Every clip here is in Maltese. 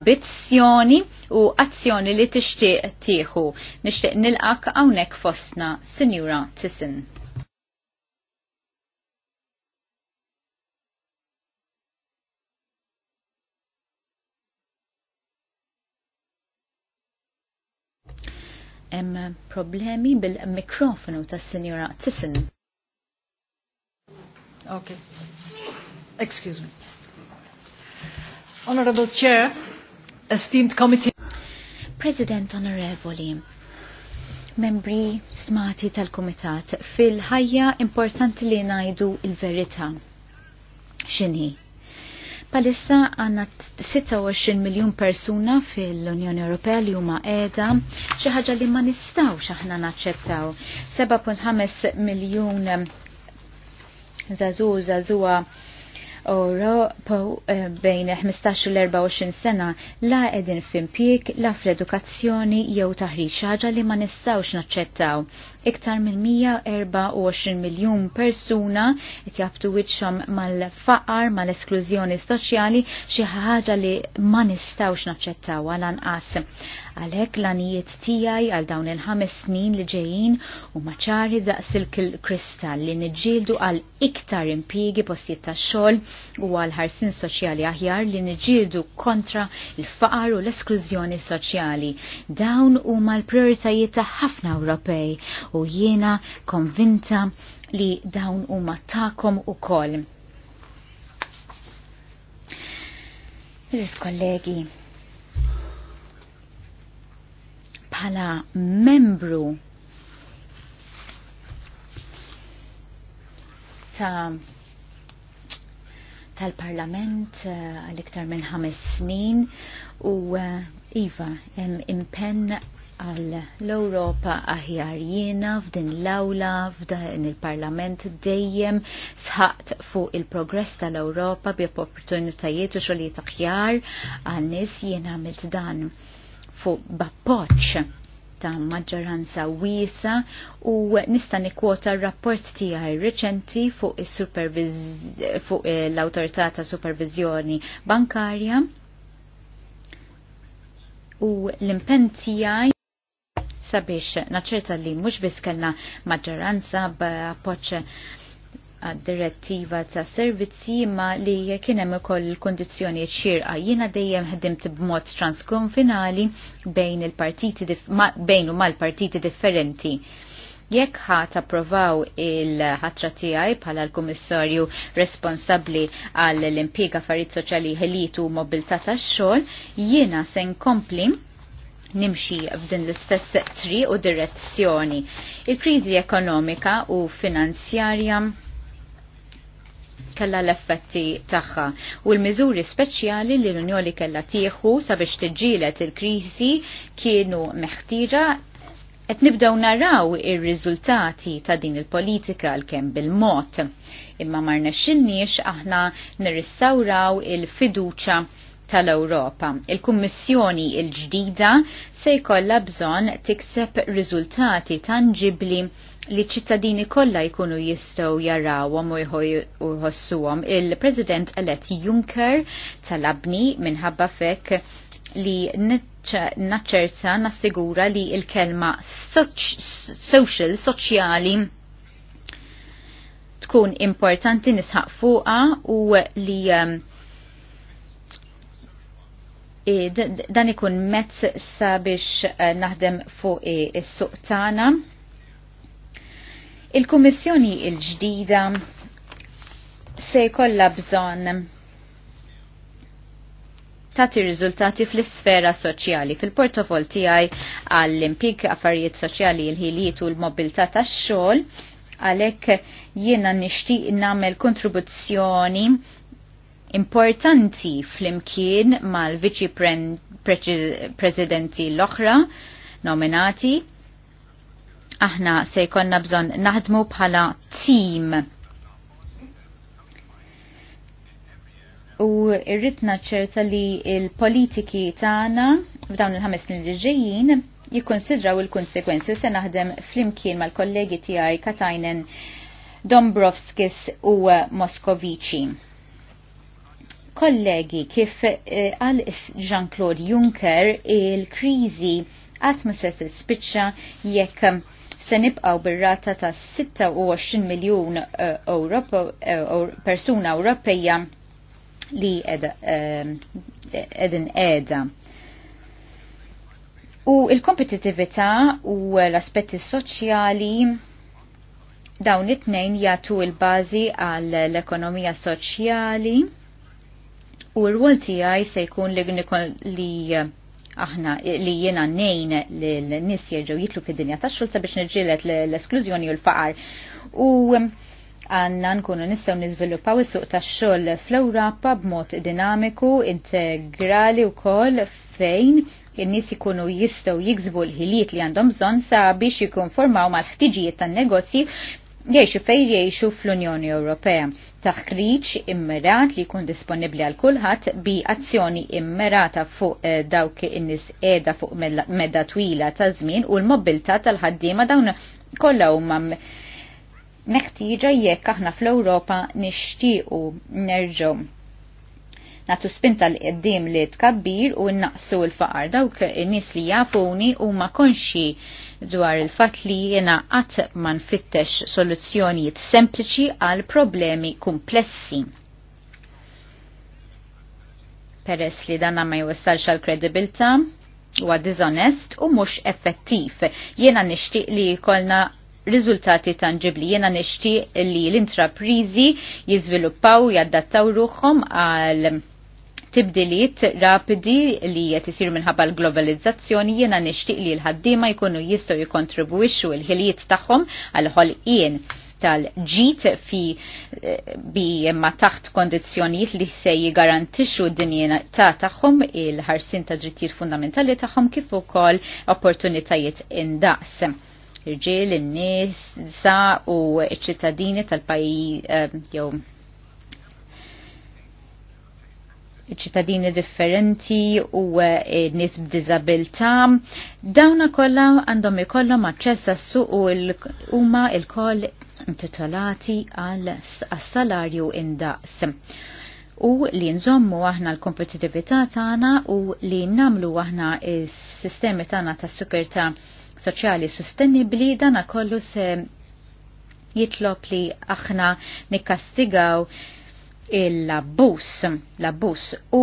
ambizzjoni u azzjoni li tixtieq tieħu. Nixtieq nilqak hawnhekk fostna, Sinjura Tisin. Hemm problemi bil-mikrofonu tas-Sinjura Tisin. Okay. Excuse me. Honorable Chair, Esteemed Committee. President Onorevoli, membri smati tal-Kumitat, fil-ħajja importanti li najdu il-verita. Xini? Palissa għanna 26 miljon persuna fil-Unjoni Ewropea li huma qiegħda xi ħaġa li ma nistgħux aħna naċċettaw. 7.5 miljun zazu zazuwa po, eh, bejn 15 l-24 sena la edin f'impjieg la fredukazzjoni edukazzjoni jew taħriġ ħaġa li ma nistgħux naċċettaw. Iktar minn 124 miljun persuna jtjabtu jabtu wiċċhom mal-faqar, mal-esklużjoni soċjali xi ħaġa li ma nistgħux naċċettaw għal anqas Għalhekk l-anijiet tiegħi għal dawn il-ħames snin li ġejjin u maċari daqs il-kristall li niġġieldu għal iktar impjiegi postijiet ta' xogħol u għal ħarsin soċjali aħjar li nġildu kontra il-faqar u l-esklużjoni soċjali. Dawn huma l-prioritajiet ta' ħafna Ewropej u jiena konvinta li dawn huma matakom u koll. Ziz kollegi, bħala membru ta' tal-parlament eh, għal-iktar uh, minn ħames snin u uh, Iva, impenn għall-Europa aħjar jiena f'din l-awla, f'din il-Parlament dejjem sħaqt fuq il-progress tal-Europa bi opportunitajiet u xogħlijiet aħjar għal-nies jiena għamilt dan fuq bappoċ ta' maġġoranza wiesa u nista' nikkwota r-rapport tiegħi reċenti fuq fuq eh, l-Awtorità ta' Supervizjoni Bankarja u l-impenn tiegħi sabiex naċċerta li mhux biss kellna maġġoranza b'appoċċ direttiva ta' servizzi ma li kienem ukoll kondizjoni ċirqa jiena dejjem ħdimt b'mod transkonfinali bejn il-partiti bejn u mal-partiti differenti jekk ħat approvaw il-ħatra tiegħi bħala l-Kummissarju responsabbli għall l-impjega affarijiet soċjali ħelitu u mobilità tax-xogħol, jiena se nkompli nimxi f'din l-istess tri u direzzjoni. Il-kriżi ekonomika u finanzjarja kella l-effetti tagħha u l-miżuri speċjali li l-Unjoni kella tieħu sabiex tiġġielet il-krisi kienu meħtieġa Et nibdaw naraw ir-riżultati ta' din il-politika l-kem bil-mot. Imma marna xinniex aħna nirristawraw il-fiduċa tal-Ewropa. Il-Kummissjoni il-ġdida se jkollha bżonn tikseb riżultati tanġibli li ċittadini kollha jkunu jistgħu jarawhom u jħossuhom il-President elett Juncker talabni minħabba fek li naċċerta nassigura li il-kelma social, soċjali tkun importanti nisħaq fuqa u li ehm, dan ikun mezz sabiex eh, naħdem fuq is-suqtana Il-Kummissjoni il-ġdida se jkollha bżonn tagħti riżultati fl-isfera soċjali fil-portofol tiegħi għall-impjeg affarijiet soċjali l-ħiliet u l-mobilità tax-xogħol għalhekk jiena nixtieq nagħmel kontribuzzjoni importanti fl-imkien mal-viċi presidenti l-oħra nominati Aħna se jkollna bżonn naħdmu bħala tim. U irritna ċerta li il-politiki tagħna f'dawn il-ħames snin li ġejjin jikkonsidraw il-konsekwenzi u se naħdem flimkien mal-kollegi tiegħi Katajnen Dombrovskis u Moskovici. Kollegi, kif eh, għal Jean-Claude Juncker il-krizi qatt ma se spiċċa jekk se nibqaw bir-rata ta' 26 miljun eh, eh, persuna Ewropeja li ehm, edin edha. U il-kompetitività u l-aspetti soċjali dawn it-tnejn jagħtu il-bażi għal l-ekonomija soċjali u r-rwol tiegħi se jkun li eh, aħna li jiena nejn li l-nis jirġu jitlu fid-dinja ta' xulza biex nirġilet l-esklużjoni u l-faqar. U um, għanna nkunu nistaw nizviluppaw is-suq tax-xogħol fl europa b'mod dinamiku, integrali wkoll fejn in-nies ikunu jistgħu jiksbu l-ħiliet li għandhom bżonn sabiex formaw mal-ħtiġijiet tan-negozji jiexu fej jiexu fl-Unjoni Ewropea. Taħkriċ immirat li jkun disponibli għal kulħadd bi azzjoni immirata fuq eh, dawk in-nies qiegħda fuq mela-, medda twila ta' żmien u l mobilta tal-ħaddiema dawn kollha huma meħtieġa jekk aħna fl-Ewropa nixtiequ nerġgħu natu spinta l qeddim li tkabbir u naqsu l-faqar. Dawk nis li jafuni u ma konxi dwar il-fat li jena għat man fittex soluzzjonijiet sempliċi għal problemi komplessi peress li danna ma jwessalx għal kredibilta huwa dizonest u mhux effettiv. Jiena nixtieq li jkollna riżultati tangibli. Jiena nixtieq li l-intraprizi jiżviluppaw jaddattaw ruħhom għal tibdiliet rapidi li qed isir minħabba l-globalizzazzjoni jiena nixtieq li l-ħaddiema jkunu jistgħu jikontribwixxu l-ħiliet tagħhom għal ħolqien tal-ġit fi bi ma taħt kondizjonijiet li se jigarantixxu d-dinjena ta' tagħhom il-ħarsin ta' drittijiet fundamentali tagħhom kif ukoll opportunitajiet indaqs irġiel, in-nies, sa u ċ-ċittadini tal-pajjiż eh, jew ċittadini differenti u eh, nis b'diżabilità. Dawna kolla għandhom ikollhom aċċess għas-suq u huma lkoll intitolati għal salarju indaqs u li nżommu aħna l-kompetitività tagħna u li namlu aħna s-sistemi tagħna tas-sukerta soċjali sostenibbli dana kollu se jitlob li aħna nikkastigaw il-labbus, labbus u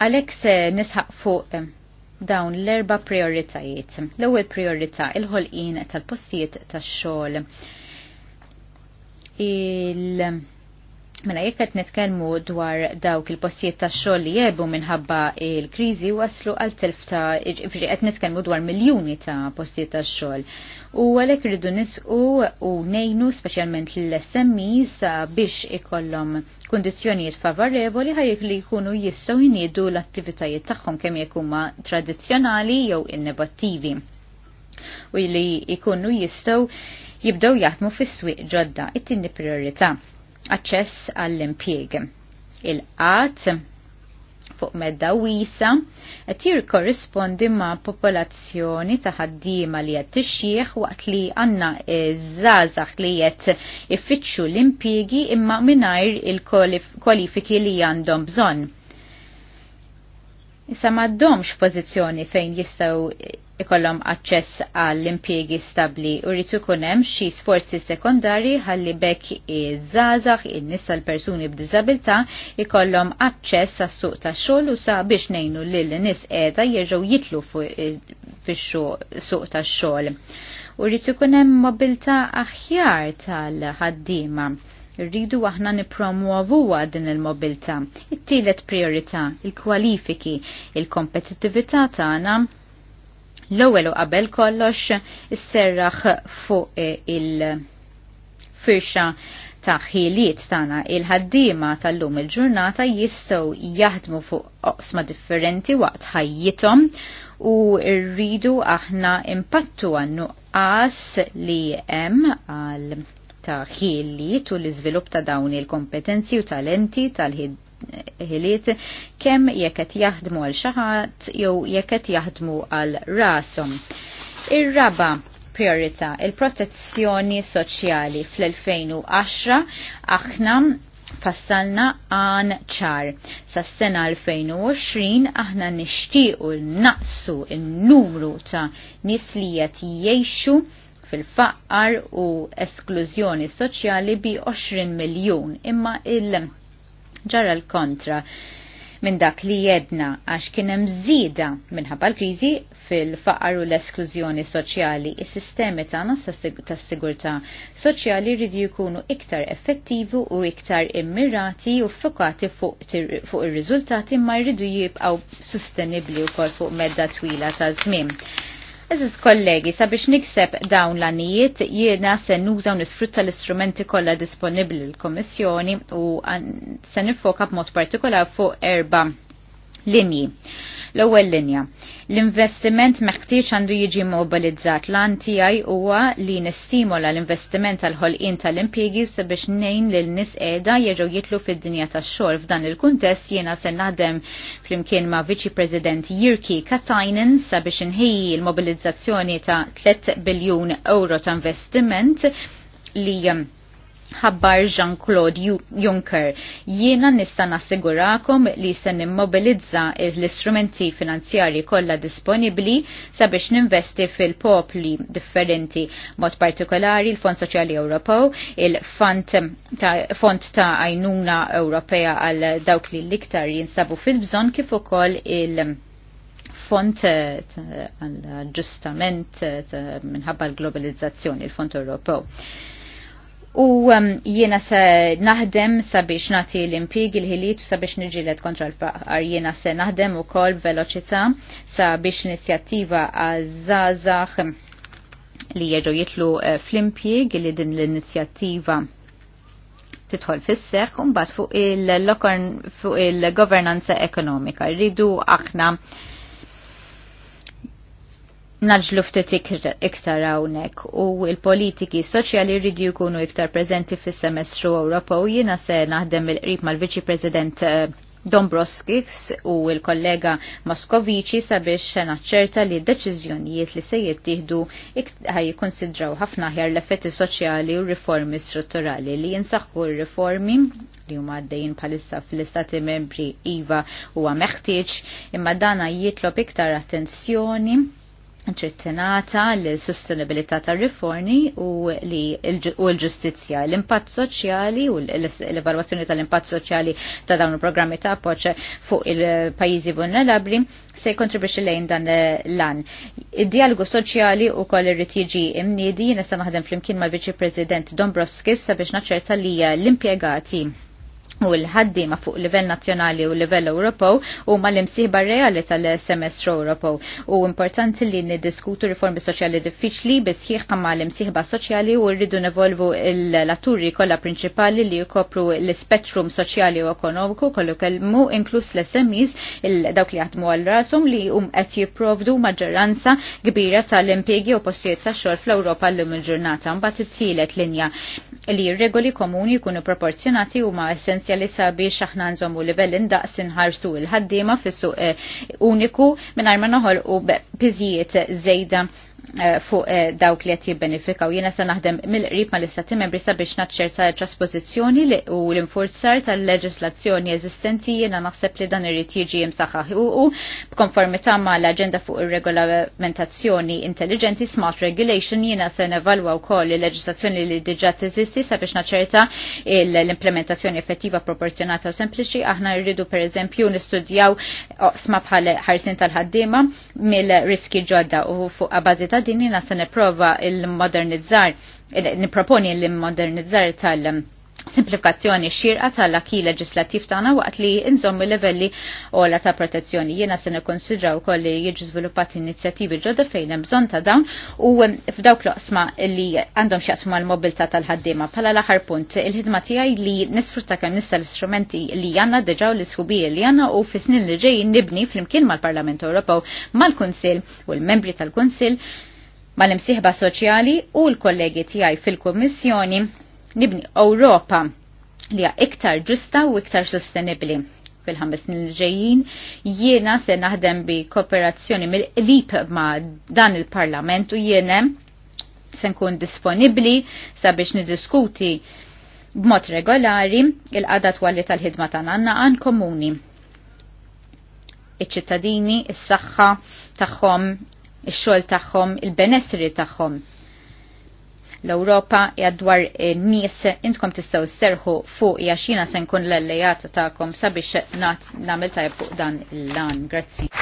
għalek se nisħaq fuq eh, dawn l-erba prioritajiet. L-ewwel priorita il-ħolqien tal-postijiet tax-xogħol. Il Mela jekk qed nitkellmu dwar dawk il-postijiet tax-xogħol li jebu minħabba l-kriżi waslu għal telf ta' qed nitkellmu dwar miljuni ta' postijiet tax-xogħol u għalek rridu nisqu u nejnu specialment l-SMEs biex ikollhom kondizjonijiet favorevoli ħajek li jkunu jistgħu jniedu l-attivitajiet tagħhom kemm jekuma tradizzjonali jew innovattivi u li jkunu jistgħu jibdew jaħdmu fis-swieq ġodda it-tieni priorità aċċess għall-impjieg il-qat fuq medda wisa, qed jirkorrispondi ma' popolazzjoni ta' ħaddiema li qed tixjieħ waqt li għandna żgħażagħ li qed iffittxu l-impjiegi imma mingħajr il-kwalifiki li għandhom bżonn. Issa m'għaddhomx pożizzjoni fejn jistgħu ikollhom aċċess għall-impjegi stabbli u rrid ikun hemm xi sforzi sekondarji ħalli bekk iż-żgħażagħ in-nies tal-persuni b'diżabilità ikollhom aċċess għas-suq tax-xogħol u sa biex ngħinu lil nies qiegħda jerġgħu jitlu fix-suq tax-xogħol. U rrid ikun hemm mobilità aħjar tal-ħaddiema. Rridu aħna nipromuovuwa din il-mobilità. It-tielet priorità, il-kwalifiki, il-kompetittività tagħna L-ewwel u qabel kollox isserraħ fuq eh, il-firxa ta' ħiliet tagħna il-ħaddiema tal-lum il-ġurnata jistgħu jaħdmu fuq oqsma differenti waqt ħajjithom u rridu aħna impattu għan-nuqqas li hemm għal ta' ħiliet u l-iżvilupp ta' dawn il-kompetenzi u talenti tal-ħid ħiliet kemm jekk qed jaħdmu għal xi ħadd jew jekk qed jaħdmu għal rasom. Ir-raba priorità il-protezzjoni soċjali fl-2010 aħna fassalna għan ċar. Sas-sena 2020 aħna nixtiequ naqsu il-numru ta' nis li qed jgħixu fil-faqar u esklużjoni soċjali bi 20 miljun imma il- ġara l-kontra minn dak li jedna għax kien hemm żieda minħabba l-kriżi fil-faqar u l-esklużjoni soċjali. Is-sistemi tagħna tas-sigurtà soċjali jridu jkunu iktar effettivi u iktar immirati u fokati fuq, ir-riżultati ma jridu jibqgħu sostenibbli wkoll fuq medda twila ta' żmien. Eżis kollegi, sabiex nikseb dawn l annijiet jiena se nuża u nisfrutta l-istrumenti kollha disponibbli l komissjoni u se nifoka b'mod partikolar fuq erba' linji. L-ewwel linja. L-investiment meħtieġ għandu jiġi mobilizzat lan tiegħi huwa li nistimola l-investiment għal ħolqien tal-impjiegi sabiex nejn lil nies qiegħda jeġgħu jitlu fid-dinja tax-xogħol. F'dan il-kuntest jiena se naħdem flimkien ma' Viċi President Jirki Katajnen sabiex inħejji l-mobilizzazzjoni ta' 3 biljun euro ta' investiment li um, ħabbar Jean-Claude Juncker. Jiena nista' nassigurakom li se nimmobilizza l-istrumenti finanzjari kollha disponibbli sabiex ninvesti fil-popli differenti, mod partikolari l-Fond Soċjali Ewropew, il-Fond ta' Fond ta' Għajnuna Ewropea għal dawk li l-iktar jinsabu fil-bżonn kif ukoll il- font eh, għal ġustament eh, minħabba l-globalizzazzjoni, il-font Ewropew U jiena se naħdem sabiex nagħti l-impjeg il-ħiliet u sabiex niġilet kontra l-faqar. Jiena se naħdem ukoll veloċità sabiex inizjattiva għaż li jerġgħu jitlu eh, fl-impjeg li din l-inizjattiva titħol fis-seħ u mbagħad fuq il-governanza ekonomika. Rridu aħna naġlu ftit iktar hawnhekk u l-politiki soċjali rridu jkunu iktar preżenti fis-semestru Ewropew jiena se naħdem il-qrib mal-Viċi President eh, Dombrovskis u l-kollega Moskovici sabiex naċċerta li d-deċiżjonijiet li se jittieħdu ħaj jikkonsidraw ħafna ħjar l-effetti soċjali u riformi strutturali li jinsaħħu r-riformi li huma għaddejjin bħalissa fl-istati membri IVA huwa meħtieġ imma dana jitlob iktar attenzjoni ċirtenata l sustenabilità tar riformi u l-ġustizja, l-impatt soċjali u l-evalwazzjoni tal-impatt soċjali ta' dawn il-programmi ta' poċe fuq il-pajjiżi vulnerabli se jkontribwixxi lejn dan l-an. Id-dialogu soċjali u koll irrid jiġi imnidi nista' naħdem flimkien mal-Viċi President Dombrovskis sabiex naċċerta li l-impjegati u l-ħaddima fuq livell nazzjonali u livell Ewropew u ma l-imsiħba reali tal-semestru Ewropew. U importanti li niddiskutu riformi soċjali diffiċli bisħiħ ma l-imsiħba soċjali u rridu nevolvu l-atturi kollha prinċipali li jkopru l-spettrum soċjali u ekonomiku kollu kelmu inkluż l-SMEs dawk li jaħdmu għal rasum li hum qed jipprovdu maġġoranza kbira tal-impjegi u postijiet tax xogħol fl-Ewropa llum il-ġurnata. Mbagħad it linja li regoli komuni jkunu proporzjonati huma essenzi essenzjali sabiex aħna nżommu livell indaqs inħarġtu il-ħaddiema fis-suq eh, uniku minn ma noħolqu Biżijiet zejda eh, fuq eh, dawk li qed jibbenefikaw. Jiena se naħdem mill-qrib ma l-istati membri sabiex naċċerta trasposizzjoni u l-infurzar tal-leġislazzjoni eżistenti jiena naħseb li dan irid jiġi imsaħħaħ u b'konformità ma l-aġenda fuq ir-regolamentazzjoni intelligenti smart regulation jiena se nevalwa wkoll il-leġislazzjoni li diġà teżisti sabiex naċċerta l-implementazzjoni effettiva proporzjonata u sempliċi. Aħna rridu pereżempju nistudjaw smabħal bħal ħarsin tal-ħaddiema mill riski ġodda u fuq bażi ta' din jina se nipprova il-modernizzar, niproponi l-modernizzar tal- simplifikazzjoni xirqa tal-laki leġislattiv tagħna waqt li il livelli ola ta' protezzjoni. Jiena se nikkonsidraw ukoll li jiġi żviluppat inizjattivi ġodda fejn hemm bżonn ta' dawn u f'dawk l li għandhom x'jaqsmu mal-mobilità tal-ħaddiema. Bħala l-aħħar punt, il-ħidma tiegħi li nisfrutta kemm nista' l-istrumenti li għandna diġà l-isħubija li għandna u fis-snin li ġejjin nibni flimkien mal-Parlament Ewropew mal-Kunsill u l-membri tal-Kunsill mal-imsieħba soċjali u l-kollegi tiegħi fil-Kummissjoni nibni Ewropa li hija iktar ġusta u iktar sostenibbli fil-ħames snin ġejjin jiena se naħdem bi kooperazzjoni mill-qrib ma' dan il-Parlament u jiena se nkun disponibbli sabiex nidiskuti b'mod regolari il-qada twalli tal-ħidma tal-għanna għan komuni. Iċ-ċittadini, is-saħħa tagħhom, ix-xogħol tagħhom, il-benessri tagħhom l-Europa jadwar n-nies intkom tistaw serħu fuq jaxina sen kun l-allejat ta'kom sabiex namil tajb fuq dan l-lan. Grazzi.